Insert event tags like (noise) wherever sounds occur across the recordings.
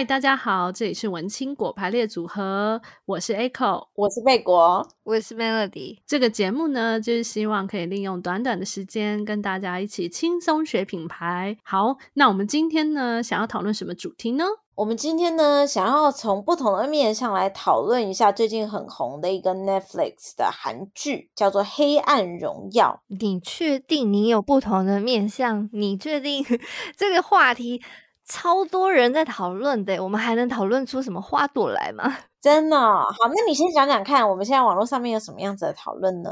嗨，大家好，這裡是文青果排列組合，我是 Echo，我是貝果，我是 Melody。這個節目呢，就是希望可以利用短短的時間跟大家一起輕鬆學品牌。好，那我們今天呢，想要討論什麼主題呢？我們今天呢，想要從不同的面向來討論一下最近很紅的一個 Netflix 的韓劇，叫做《黑暗榮耀》。你確定你有不同的面向？你確定這個話題？超多人在討論的，我們還能討論出什麼花朵來嗎？真的哦，好，那你先講講看，我們現在網絡上面有什麼樣子的討論呢？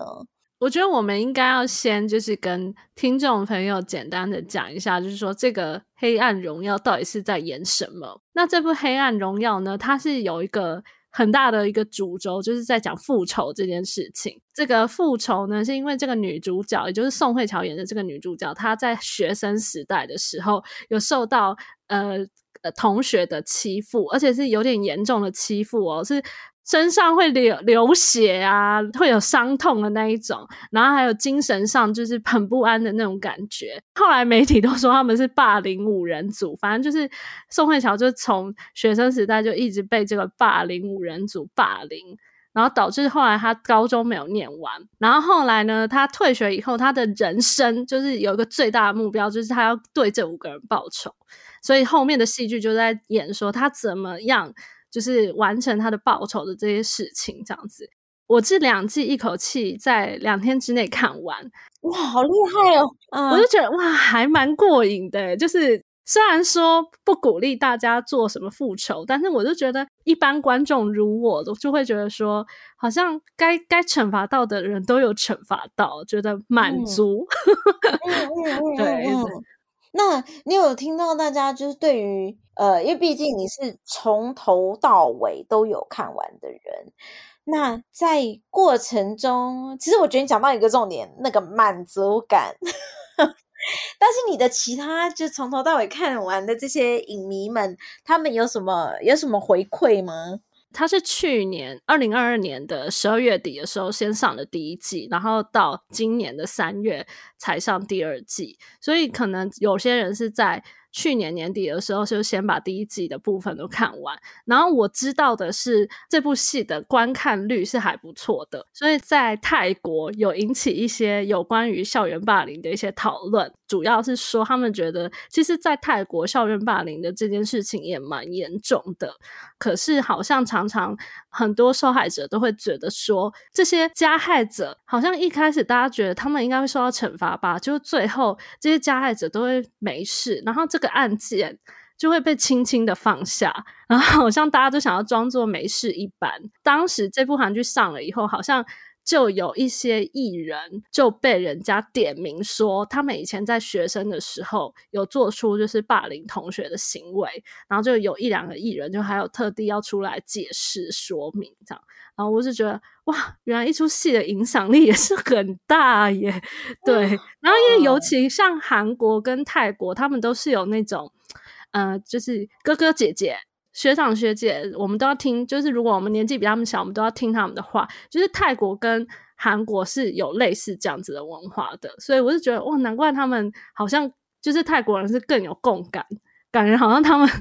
我覺得我們應該要先就是跟聽眾朋友簡單的講一下，就是說這個《黑暗榮耀》到底是在演什麼？那這部《黑暗榮耀》呢，它是有一個很大的一個主軸，就是在講復仇這件事情。這個復仇呢，是因為這個女主角，也就是宋慧喬演的這個女主角，她在學生時代的時候有受到，呃，呃，同學的欺負，而且是有點嚴重的欺負哦，是。身上會流流血啊，會有傷痛的那一種，然後還有精神上就是很不安的那種感覺。後來媒體都說他們是霸凌五人組，反正就是宋慧喬就從學生時代就一直被這個霸凌五人組霸凌，然後導致後來她高中沒有念完。然後後來呢，她退學以後，她的人生就是有一個最大的目標，就是她要對這五個人報仇。所以後面的戲劇就在演說她怎麼樣。就是完成他的報仇的這些事情，這樣子。我這兩季一口氣在兩天之內看完，哇，好厲害哦，嗯！我就覺得哇，還蠻過癮的。就是雖然說不鼓勵大家做什麼復仇，但是我就覺得一般觀眾如我，我就會覺得說，好像該該懲罰到的人都有懲罰到，覺得滿足，嗯 (laughs) 嗯嗯嗯。對，嗯。那你有聽到大家就是對於？呃，因為畢竟你是從頭到尾都有看完的人，那在過程中，其實我覺得你講到一個重點，那個滿足感。 (laughs) 但是你的其他就從頭到尾看完的這些影迷們，他們有什麼有什麼回饋嗎？他是去年二零二二年的十二月底的時候先上的第一季，然後到今年的三月才上第二季，所以可能有些人是在。去年年底的時候，就先把第一季的部分都看完。然後我知道的是，這部戲的觀看率是還不錯的，所以在泰國有引起一些有關於校園霸凌的一些討論。主要是說，他們覺得，其實，在泰國校園霸凌的這件事情也蠻嚴重的。可是，好像常常很多受害者都會覺得說，這些加害者好像一開始大家覺得他們應該會受到懲罰吧，就最後這些加害者都會沒事，然後這個案件就會被輕輕的放下，然後好像大家都想要裝作沒事一般。當時這部韓劇上了以後，好像。就有一些藝人就被人家點名說，他們以前在學生的時候有做出就是霸凌同學的行為，然後就有一兩個藝人就還有特地要出來解釋說明這樣，然後我就覺得哇，原來一齣戲的影響力也是很大耶，對、嗯，然後因為尤其像韓國跟泰國，他們都是有那種，呃，就是哥哥姐姐、學長學姐，我們都要聽。就是如果我們年紀比他們小，我們都要聽他們的話。就是泰國跟韓國是有類似這樣子的文化的，所以我就覺得，哇，難怪他們好像就是泰國人是更有共感，感覺好像他們、oh.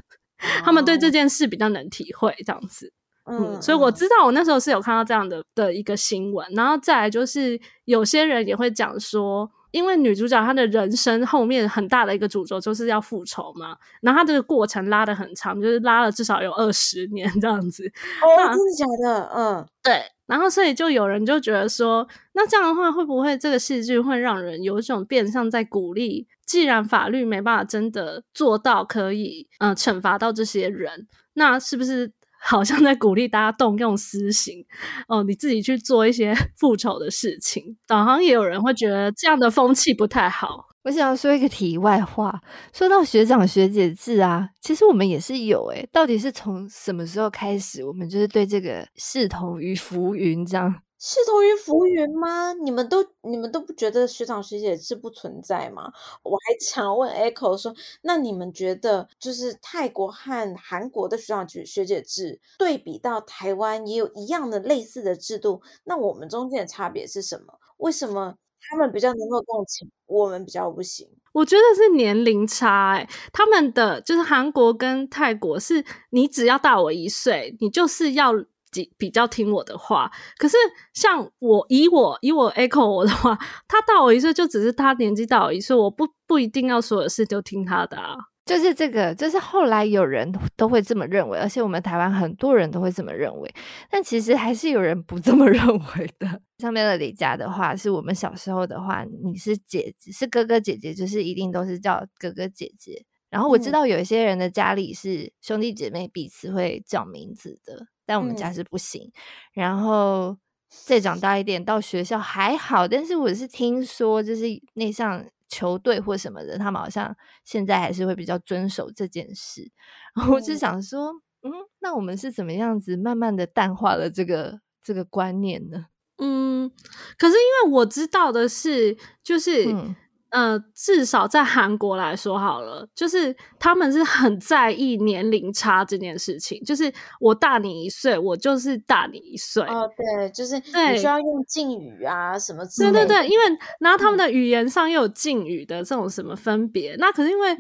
他們對這件事比較能體會這樣子。嗯，uh. 所以我知道我那時候是有看到這樣的的一個新聞，然後再來就是有些人也會講說。因為女主角她的人生後面很大的一個主軸就是要復仇嘛，然後她這個過程拉得很長，就是拉了至少有二十年這樣子。哦，真的假的？嗯，對。然後所以就有人就覺得說，那這樣的話會不會這個戲劇會讓人有一種變相在鼓勵？既然法律沒辦法真的做到可以，嗯、呃，懲罰到這些人，那是不是？好像在鼓勵大家動用私刑哦，你自己去做一些復仇的事情。導航也有人會覺得這樣的風氣不太好。我想要說一個題外話，說到學長學姐制啊，其實我們也是有誒、欸、到底是從什麼時候開始，我們就是對這個視同於浮雲這樣？是同於浮雲嗎？你們都你們都不覺得學長學姐制不存在嗎？我還想問 Echo 說，那你們覺得就是泰國和韓國的學長學學姐制對比到台灣也有一樣的類似的制度，那我們中間的差別是什麼？為什麼他們比較能夠共情，我們比較不行？我覺得是年齡差、欸，哎，他們的就是韓國跟泰國是你只要大我一歲，你就是要。比較聽我的話，可是像我以我以我 Echo 我的話，他大我一歲，就只是他年紀大我一歲，我不不一定要所有事就聽他的啊。就是這個，就是後來有人都會這麼認為，而且我們台灣很多人都會這麼認為，但其實還是有人不這麼認為的。像 Melody 家的話，是我們小時候的話，你是姐姐是哥哥姐姐，就是一定都是叫哥哥姐姐。然後我知道有一些人的家裡是兄弟姐妹彼此會叫名字的，嗯、但我們家是不行。嗯、然後再長大一點到學校還好，但是我是聽說就是那像球隊或什麼的，他們好像現在還是會比較遵守這件事。嗯、然後我就想說，嗯，那我們是怎麼樣子慢慢的淡化了這個這個觀念呢？嗯，可是因為我知道的是，就是。嗯呃，至少在韓國來說好了，就是他們是很在意年齡差這件事情。就是我大你一歲，我就是大你一歲。哦，對，就是你需要用敬語啊什麼之類的。對對對，因為然後他們的語言上又有敬語的這種什麼分別，嗯。那可是因為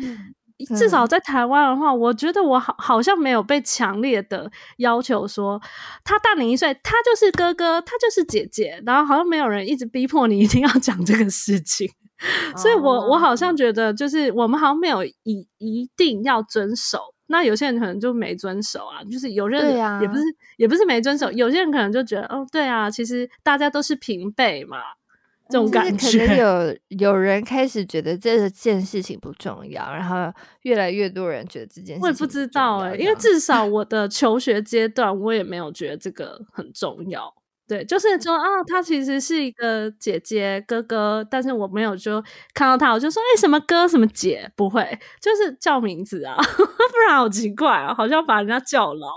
至少在台灣的話，我覺得我好好像沒有被強烈的要求說他大你一歲，他就是哥哥，他就是姐姐。然後好像沒有人一直逼迫你一定要講這個事情。所以我，我、oh. 我好像覺得，就是我們好像沒有一一定要遵守。那有些人可能就沒遵守啊，就是有人也不是、啊、也不是沒遵守。有些人可能就覺得，哦，對啊，其實大家都是平輩嘛，這種感覺。可能有有人開始覺得這件事情不重要，然後越來越多人覺得這件事情。我也不知道哎、欸，因為至少我的求學階段，我也沒有覺得這個很重要。對，就是說啊，他其實是一個姐姐哥哥，但是我沒有就看到他，我就說，誒、欸、什麼哥什麼姐，不會，就是叫名字啊， (laughs) 不然好奇怪啊，好像把人家叫老。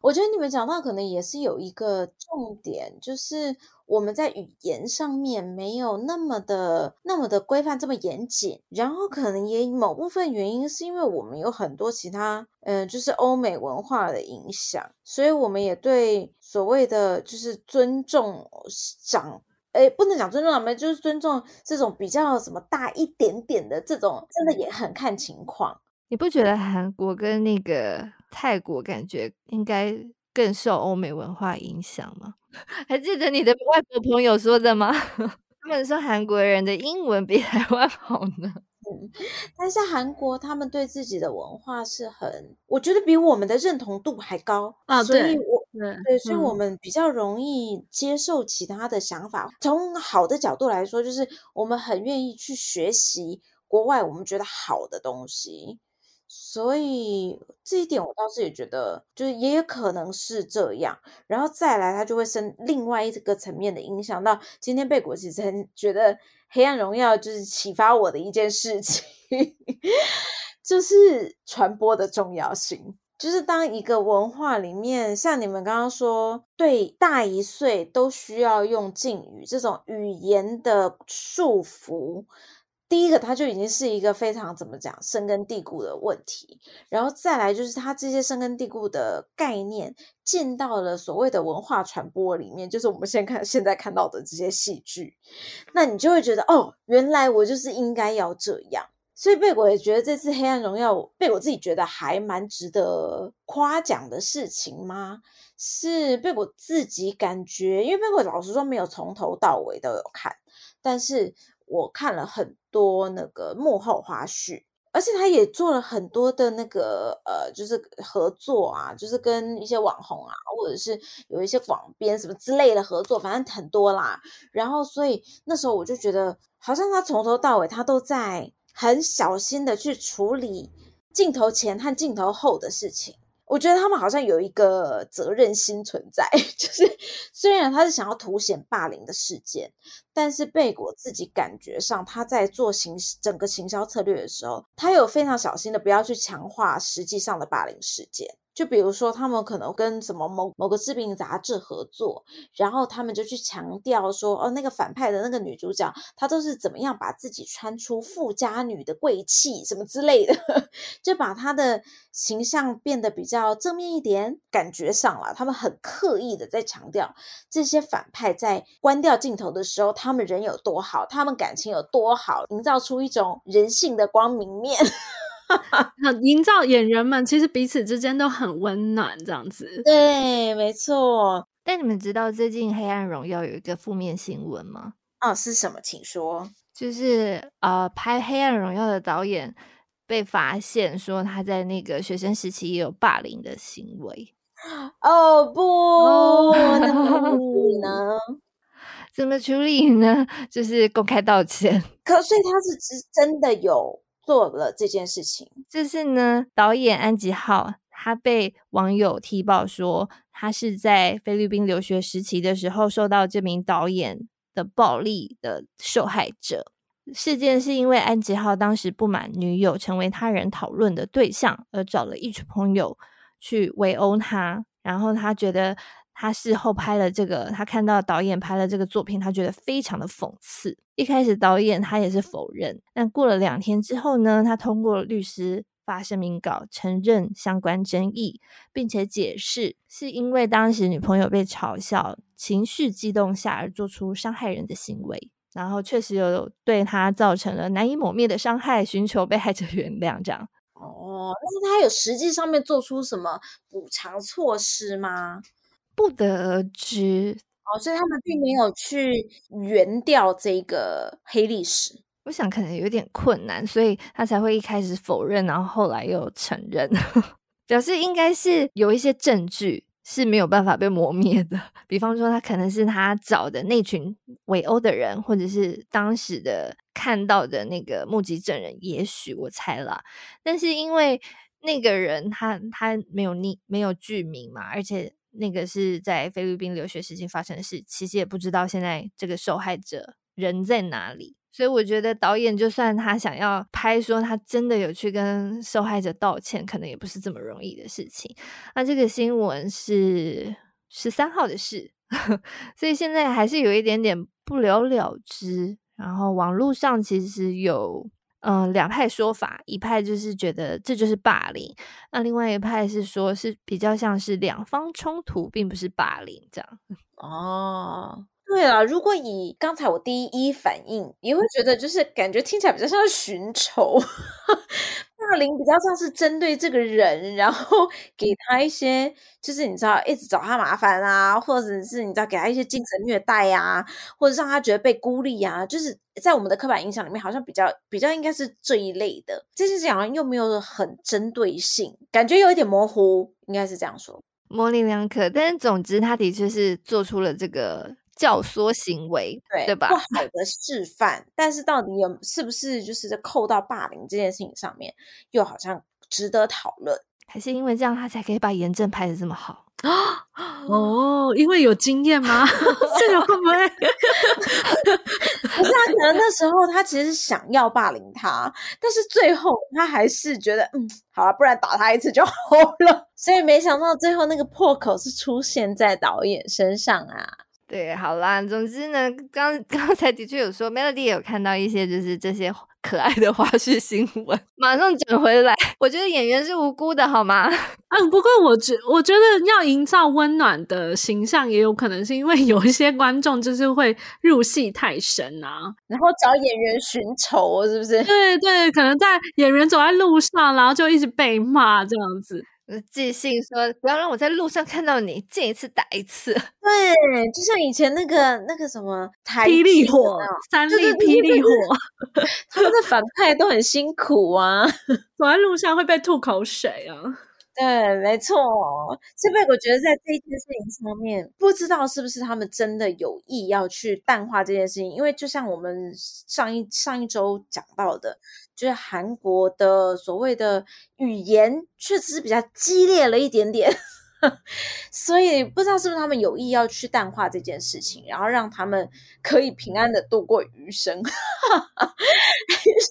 我覺得你們講到可能也是有一個重點，就是我們在語言上面沒有那麼的那麼的規範這麼嚴謹，然後可能也某部分原因是因為我們有很多其他嗯、呃，就是歐美文化的影響，所以我們也對所謂的就是尊重長，誒，不能講尊重長輩，就是尊重這種比較什麼大一點點的這種，真的也很看情況。你不覺得韓國跟那個泰國感覺應該更受歐美文化影響嗎？還記得你的外國朋友說的嗎？他們說韓國人的英文比台灣好呢。嗯，但是韓國他們對自己的文化是很，我覺得比我們的認同度還高啊，哦。所以我對，對，所以我們比較容易接受其他的想法，嗯。從好的角度來說，就是我們很願意去學習國外我們覺得好的東西。所以這一點我倒是也覺得，就是也有可能是這樣，然後再來他就會生另外一個層面的影響。到今天貝果其實覺得黑暗榮耀就是啟發我的一件事情， (laughs) (laughs) 就是傳播的重要性。就是當一個文化裡面，像你們剛剛說，對大一歲都需要用敬語這種語言的束縛。第一個，它就已經是一個非常怎麼講深根蒂固的問題，然後再來就是它這些深根蒂固的概念進到了所謂的文化傳播裡面，就是我們現看現在看到的這些戲劇，那你就會覺得哦，原來我就是應該要這樣。所以貝果也覺得這次《黑暗榮耀》貝果自己覺得還蠻值得誇獎的事情嗎？是貝果自己感覺，因為貝果老實說沒有從頭到尾都有看，但是。我看了很多那個幕後花絮，而且他也做了很多的那個呃，就是合作啊，就是跟一些網紅啊，或者是有一些廣編什麼之類的合作，反正很多啦。然後，所以那時候我就覺得，好像他從頭到尾，他都在很小心的去處理鏡頭前和鏡頭後的事情。我覺得他們好像有一個責任心存在，就是雖然他是想要凸顯霸凌的事件，但是貝果自己感覺上他在做行整個行銷策略的時候，他有非常小心的不要去強化實際上的霸凌事件。就比如說，他們可能跟什麼某某個知名雜誌合作，然後他們就去強調說，哦，那個反派的那個女主角，她都是怎麼樣把自己穿出富家女的貴氣，什麼之類的，就把她的形象變得比較正面一點。感覺上了，他們很刻意的在強調這些反派在關掉鏡頭的時候，他們人有多好，他們感情有多好，營造出一種人性的光明面。很 (laughs) 營造演員們其實彼此之間都很溫暖，這樣子。對，沒錯。但你們知道最近《黑暗榮耀》有一個負面新聞嗎？啊、哦，是什麼？請說。就是呃，拍《黑暗榮耀》的導演被發現說，他在那個學生時期也有霸凌的行為。哦，不能、哦、不能 (laughs) 怎麼處理呢？就是公開道歉。可，所以他是真的有。做了這件事情，就是呢，導演安吉浩他被網友踢爆說，他是在菲律賓留學時期的時候，受到這名導演的暴力的受害者。事件是因為安吉浩當時不滿女友成為他人討論的對象，而找了一群朋友去圍毆他，然後他覺得。他事後拍了這個，他看到導演拍了這個作品，他覺得非常的諷刺。一開始導演他也是否認，但過了兩天之後呢，他通過律師發聲明稿承認相關爭議，並且解釋是因為當時女朋友被嘲笑，情緒激動下而做出傷害人的行為，然後確實有對他造成了難以抹滅的傷害，尋求被害者原諒。這樣哦，但是他有實際上面做出什麼補償措施嗎？不得而知，哦，所以他們並沒有去圓掉這個黑歷史。我想可能有點困難，所以他才會一開始否認，然後後來又承認， (laughs) 表示應該是有一些證據是沒有辦法被磨滅的。比方說，他可能是他找的那群圍毆的人，或者是當時的看到的那個目擊證人。也許我猜了，但是因為那個人他他沒有匿沒有具名嘛，而且。那個是在菲律賓留學時期發生的事，其實也不知道現在這個受害者人在哪裡，所以我覺得導演就算他想要拍，說他真的有去跟受害者道歉，可能也不是這麼容易的事情。那這個新聞是十三號的事呵呵，所以現在還是有一點點不了了之。然後網絡上其實有。嗯，兩派說法，一派就是覺得這就是霸凌，那另外一派是說，是比較像是兩方衝突，並不是霸凌這樣。哦，對啊，如果以剛才我第一反應，也會覺得就是感覺聽起來比較像是尋仇。 (laughs) 霸凌比較像是針對這個人，然後給他一些，就是你知道，一直找他麻煩啊，或者是你知道給他一些精神虐待啊，或者讓他覺得被孤立啊，就是在我們的刻板印象裡面，好像比較比較應該是這一類的。這些好像又沒有很針對性，感覺有一點模糊，應該是這樣說，模棱兩可。但是總之，他的確是做出了這個。教唆行為，對，對吧？不好的示範， (laughs) 但是到底有是不是就是扣到霸凌這件事情上面，又好像值得討論？還是因為這樣他才可以把妍珍拍得這麼好？哦， (laughs) 因為有經驗嗎？這個會不會？可是他可能那時候他其實是想要霸凌他，但是最後他還是覺得嗯，好了、啊，不然打他一次就好了。所以沒想到最後那個破口是出現在導演身上啊。對，好啦，總之呢，剛剛才的確有說，Melody 也有看到一些就是這些可愛的花絮新聞，馬上轉回來。 (laughs) 我覺得演員是無辜的，好嗎？嗯、啊，不過我覺我覺得要營造溫暖的形象，也有可能是因為有一些觀眾就是會入戲太深啊， (laughs) 然後找演員尋仇，哦，是不是？ (laughs) 對對，可能在演員走在路上，然後就一直被罵這樣子。寄信說不要讓我在路上看到你，見一次打一次。對，就像以前那個那個什麼《霹靂火》三立霹、就是、霹靂火，他們的反派都很辛苦啊，走 (laughs) 在路上會被吐口水啊。對，沒錯。這邊我覺得在這件事情上面，不知道是不是他們真的有意要去淡化這件事情，因為就像我們上一上一周講到的，就是韓國的所謂的語言確實是比較激烈了一點點， (laughs) 所以不知道是不是他們有意要去淡化這件事情，然後讓他們可以平安的度過餘生。 (laughs) 還，是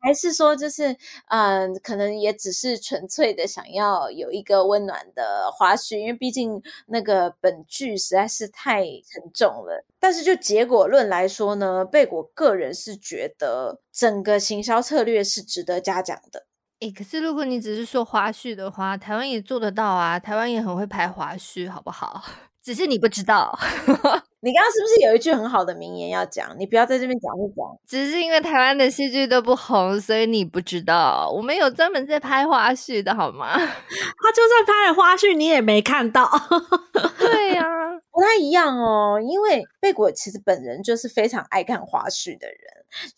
還是說，就是嗯、呃，可能也只是純粹的想要有一個溫暖的花絮，因為畢竟那個本劇實在是太沉重了。但是就結果論來說呢，貝果個人是覺得整個行銷策略是值得嘉獎的。哎、欸，可是如果你只是說花絮的話，台灣也做得到啊，台灣也很會拍花絮，好不好？只是你不知道。 (laughs) 你剛剛是不是有一句很好的名言要講？你不要在這邊講，會講。只是因為台灣的戲劇都不紅，所以你不知道。我們有專門在拍花絮的，好嗎？ (laughs) 他就算拍了花絮，你也沒看到。 (laughs) 對呀、啊，不 (laughs) 太一樣哦。因為貝果其實本人就是非常愛看花絮的人。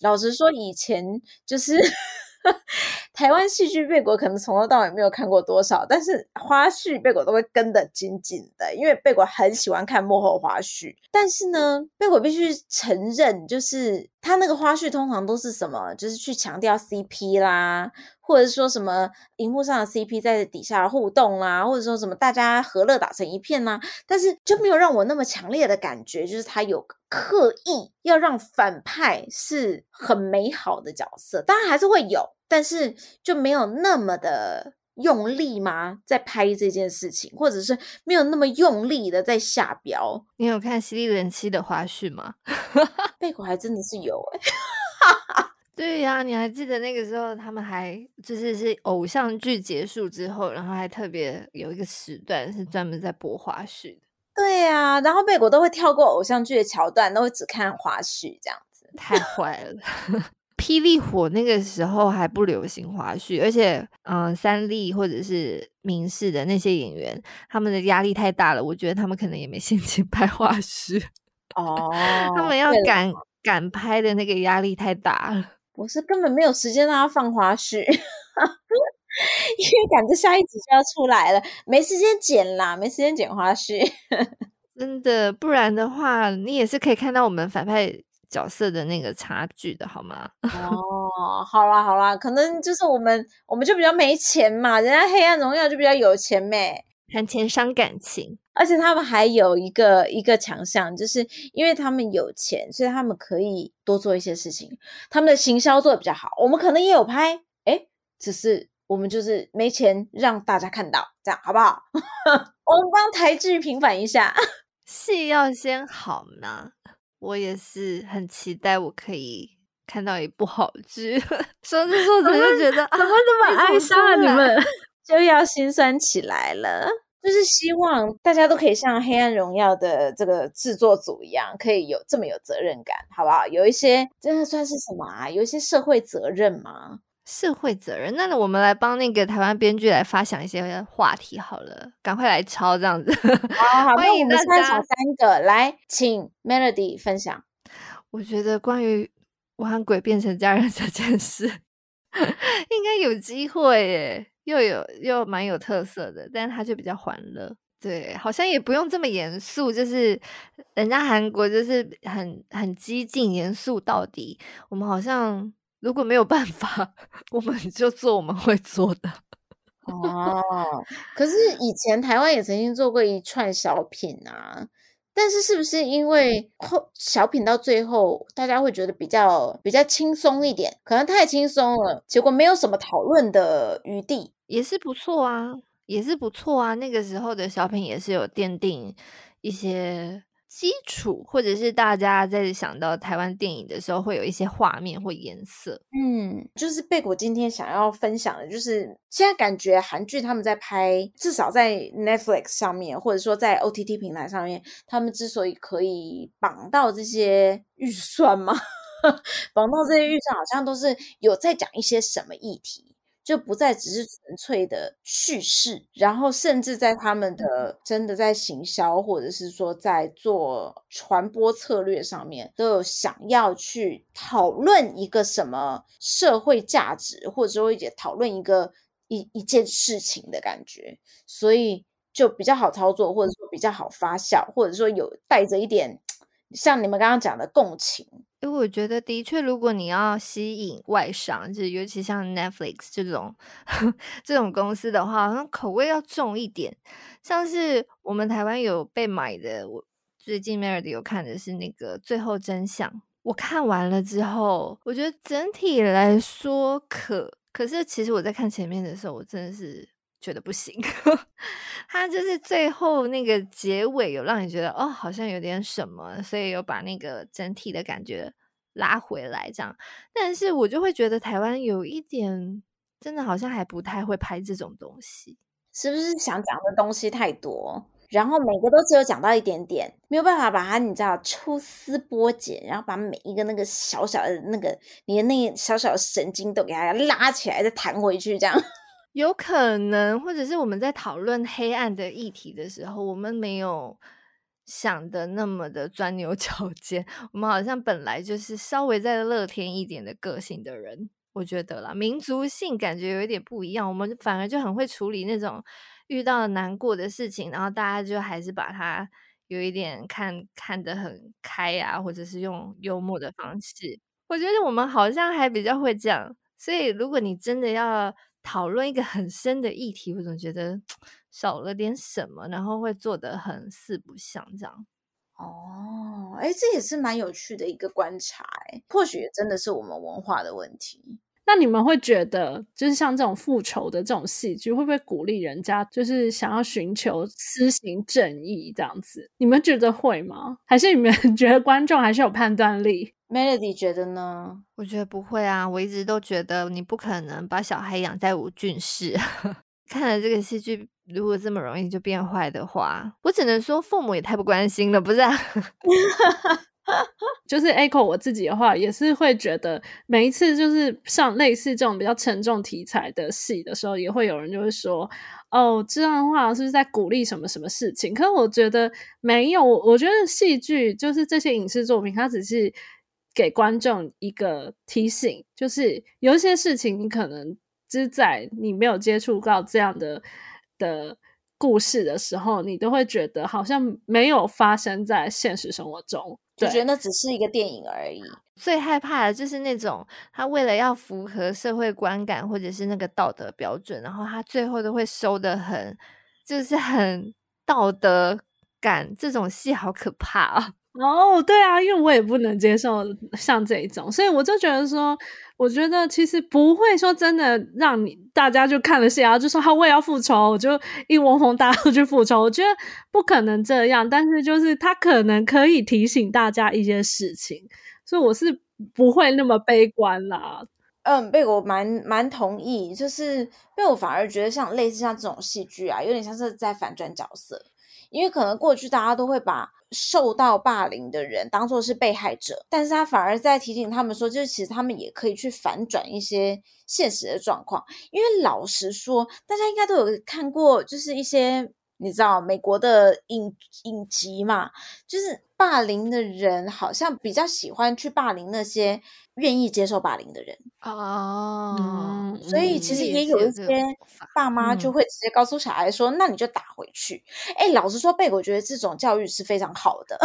老實說，以前就是。 (laughs) 台灣戲劇貝果可能從頭到尾沒有看過多少，但是花絮貝果都會跟得緊緊的，因為貝果很喜歡看幕後花絮。但是呢，貝果必須承認，就是他那個花絮通常都是什麼，就是去強調 CP 啦，或者說什麼熒幕上的 CP 在底下互動啦，或者說什麼大家和樂打成一片啦。但是就沒有讓我那麼強烈的感覺，就是他有刻意要讓反派是很美好的角色，當然還是會有。但是就沒有那麼的用力嗎，在拍這件事情，或者是沒有那麼用力的在下標？你有看《犀利人妻》的花絮嗎？ (laughs) 貝果還真的是有哎， (laughs) 對呀，你還記得那個時候他們還就是是偶像劇結束之後，然後還特別有一個時段是專門在播花絮的。對呀，然後貝果都會跳過偶像劇的橋段，都會只看花絮這樣子， (laughs) 太壞了。 (laughs) 霹靂火那個時候還不流行花絮，而且，嗯，三立或者是民視的那些演員，他們的壓力太大了，我覺得他們可能也沒心情拍花絮。哦， (laughs) 他們要趕趕拍的那個壓力太大了，我是根本沒有時間讓他放花絮， (laughs) 因為趕着下一集就要出來了，沒時間剪啦，沒時間剪花絮， (laughs) 真的，不然的話，你也是可以看到我們反派。角色的那個差距，的好嗎？哦，好啦好啦，可能就是我們我們就比較沒錢嘛，人家《黑暗榮耀》就比較有錢咩，談錢傷感情。而且他們還有一個一個強項，就是因為他們有錢，所以他們可以多做一些事情，他們的行銷做得比較好。我們可能也有拍，哎、欸，只是我們就是沒錢讓大家看到，這樣好不好？ (laughs) 我們幫台劇平反一下，戲要先好嗎。我也是很期待，我可以看到一部好劇。說著說，我 (laughs) 就覺得、啊、怎麼這麼愛上了你們就要心酸起來了。 (laughs) 就是希望大家都可以像《黑暗榮耀》的這個製作組一樣，可以有這麼有責任感，好不好？有一些真的算是什麼啊？有一些社會責任嘛？社會責任，那我們來幫那個台灣編劇來發想一些話題好了，趕快來抄這樣子。 (laughs) 歡迎大家。三,三個來，請 Melody 分享。我覺得關於我和鬼變成家人這件事， (laughs) 應該有機會耶，又有又蠻有特色的，但是他就比較歡樂。對，好像也不用這麼嚴肅，就是人家韓國就是很很激進嚴肅到底，我們好像。如果沒有辦法，我們就做我們會做的。 (laughs) 哦，可是以前台灣也曾經做過一串小品啊，但是是不是因為後小品到最後大家會覺得比較比較輕鬆一點，可能太輕鬆了，結果沒有什麼討論的餘地，也是不錯啊，也是不錯啊。那個時候的小品也是有奠定一些。基礎，或者是大家在想到台灣電影的時候，會有一些畫面或顏色。嗯，就是貝果今天想要分享的，就是現在感覺韓劇他們在拍，至少在 Netflix 上面，或者說在 OTT 平台上面，他們之所以可以綁到這些預算嘛，綁 (laughs) 到這些預算，好像都是有在講一些什麼議題。就不再只是純粹的敘事，然後甚至在他們的真的在行銷或者是說在做傳播策略上面，都有想要去討論一個什麼社會價值，或者說也討論一個一一件事情的感覺，所以就比較好操作，或者說比較好發酵，或者說有帶着一點像你們剛剛講的共情。因為我覺得，的確，如果你要吸引外商，就是尤其像 Netflix 這種這種公司的話，好像口味要重一點。像是我們台灣有被買的，我最近 Melody 有看的是那個《最後真相》，我看完了之後，我覺得整體來說可，可是其實我在看前面的時候，我真的是。覺得不行呵呵，他就是最後那個結尾有讓你覺得哦，好像有點什麼，所以有把那個整體的感覺拉回來，這樣。但是我就會覺得台灣有一點真的好像還不太會拍這種東西，是不是想講的東西太多，然後每個都只有講到一點點，沒有辦法把它你知道抽絲剝繭，然後把每一個那個小小的那個你的那個小小的神經都給它拉起來，再彈回去這樣。有可能，或者是我們在討論黑暗的議題的時候，我們沒有想得那麼的鑽牛角尖。我們好像本來就是稍微在樂天一點的個性的人，我覺得啦，民族性感覺有一點不一樣。我們反而就很會處理那種遇到難過的事情，然後大家就還是把它有一點看看得很開啊，或者是用幽默的方式。我覺得我們好像還比較會這樣。所以，如果你真的要討論一個很深的議題，我總覺得少了點什麼，然後會做得很四不像這樣。哦，哎，這也是蠻有趣的一個觀察，哎，或許真的是我們文化的問題。那你們會覺得，就是像這種復仇的這種戲劇，會不會鼓勵人家就是想要尋求私刑正義這樣子？你們覺得會嗎？還是你們覺得觀眾還是有判斷力？Melody 覺得呢？我覺得不會啊，我一直都覺得你不可能把小孩養在無菌室。 (laughs) 看來這個戲劇如果這麼容易就變壞的話，我只能說父母也太不關心了，不是啊？ (laughs) 就是 Echo 我自己的話，也是會覺得每一次就是像類似這種比較沉重題材的戲的時候，也會有人就會說：“哦，這樣的話是不是在鼓勵什麼什麼事情？”可是我覺得沒有，我覺得戲劇就是這些影視作品，它只是。給觀眾一個提醒，就是有一些事情，你可能只在你沒有接觸到這樣的的故事的時候，你都會覺得好像沒有發生在現實生活中，就覺得那只是一個電影而已。最害怕的就是那種他為了要符合社會觀感，或者是那個道德標準，然後他最後都會收得很，就是很道德感，這種戲好可怕啊！哦，oh，對啊，因為我也不能接受像這一種，所以我就覺得說，我覺得其實不會說真的讓你大家就看了戲啊，就說他我也要復仇，我就一窩蜂大家都去復仇，我覺得不可能這樣。但是就是他可能可以提醒大家一些事情，所以我是不會那麼悲觀啦。嗯，貝果蠻蠻同意，就是貝果反而覺得像類似像這種戲劇啊，有點像是在反轉角色。因為可能過去大家都會把受到霸凌的人當作是被害者，但是他反而在提醒他們說，就是其實他們也可以去反轉一些現實的狀況。因為老實說，大家應該都有看過，就是一些你知道美國的影影集嘛，就是。霸凌的人好像比較喜歡去霸凌那些願意接受霸凌的人哦、oh, 嗯嗯。所以其實也有一些爸媽就會直接告訴小孩說、嗯：“那你就打回去。欸”哎，老實說，貝果覺得這種教育是非常好的。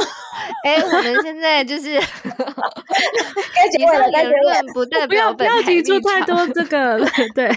哎、欸，我們現在就是該結結不要不要提出太多這個， (laughs) 對，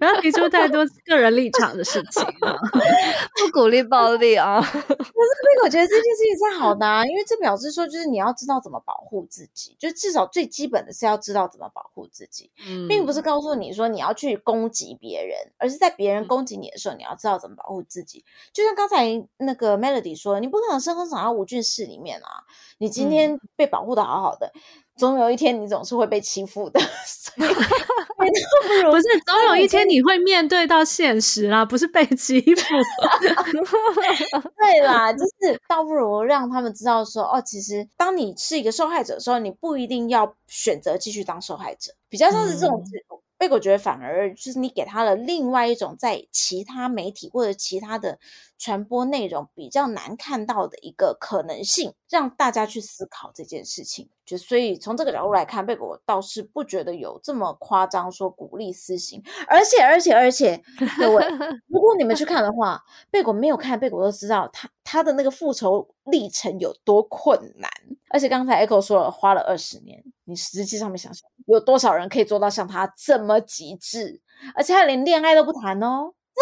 不要提出太多個人立場的事情， (laughs) 不鼓勵暴力啊、哦。 (laughs) 可是貝果覺得這件事情是好的，因為因為這表示說，就是你要知道怎麼保護自己，就至少最基本的是要知道怎麼保護自己、嗯，並不是告訴你說你要去攻擊別人，而是在別人攻擊你的時候、嗯，你要知道怎麼保護自己。就像剛才那個 Melody 說，你不可能生根長在無菌室裡面啊！你今天被保護的好好的、嗯，總有一天你總是會被欺負的。嗯 (laughs) 倒 (laughs) 不如不是，總有一天你會面對到現實啦，不是被欺負。 (laughs) (laughs) (laughs) 對啦，就是倒不如讓他們知道說，哦，其實當你是一個受害者的時候，你不一定要選擇繼續當受害者，比較像是這種。嗯貝果覺得反而就是你給他了另外一種在其他媒體或者其他的傳播內容比較難看到的一個可能性，讓大家去思考這件事情。就所以從這個角度來看，貝果倒是不覺得有這麼誇張說鼓勵私刑，而且而且而且，各位 (laughs) 如果你們去看的話，貝果沒有看貝果都知道他他的那個復仇歷程有多困難。但是剛才 Echo 說了，花了二十年。你實際上面想想，有多少人可以做到像他這麼極致？而且他連戀愛都不談哦，這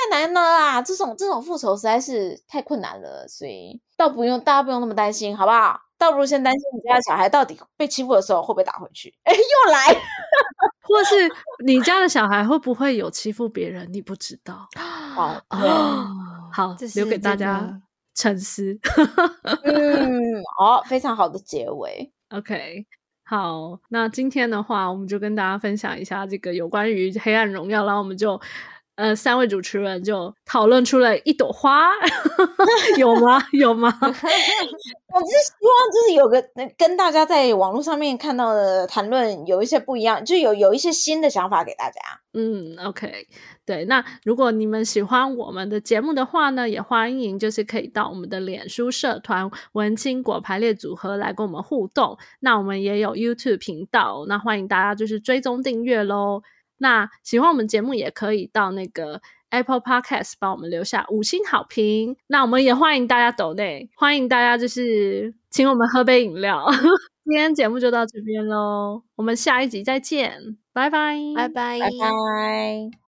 真的太難了啊！這種這種復仇實在是太困難了，所以倒不用大家不用那麼擔心，好不好？倒不如先擔心你家的小孩到底被欺負的時候會不會打回去？哎，又來，或是你家的小孩會不會有欺負別人？你不知道，哦哦哦、好，好，留給大家。這沉思， (laughs) 嗯，好、哦，非常好的結尾。OK，好，那今天的話，我們就跟大家分享一下這個有關於黑暗榮耀，然後我們就。呃，三位主持人就討論出了一朵花， (laughs) 有嗎？有嗎？ (laughs) 我只是希望就是有個、呃、跟大家在網絡上面看到的談論有一些不一樣，就有有一些新的想法給大家。嗯，OK，對。那如果你們喜歡我們的節目的話呢，也歡迎就是可以到我們的臉書社團“文青果排列組合”來跟我們互動。那我們也有 YouTube 頻道，那歡迎大家就是追蹤訂閱嘍。那喜歡我們節目，也可以到那個 Apple Podcast 幫我們留下五星好評。那我們也歡迎大家抖內，歡迎大家就是請我們喝杯飲料。 (laughs) 今天節目就到這邊嘍，我們下一集再見，拜拜拜拜拜拜。Bye bye. Bye bye. Bye bye.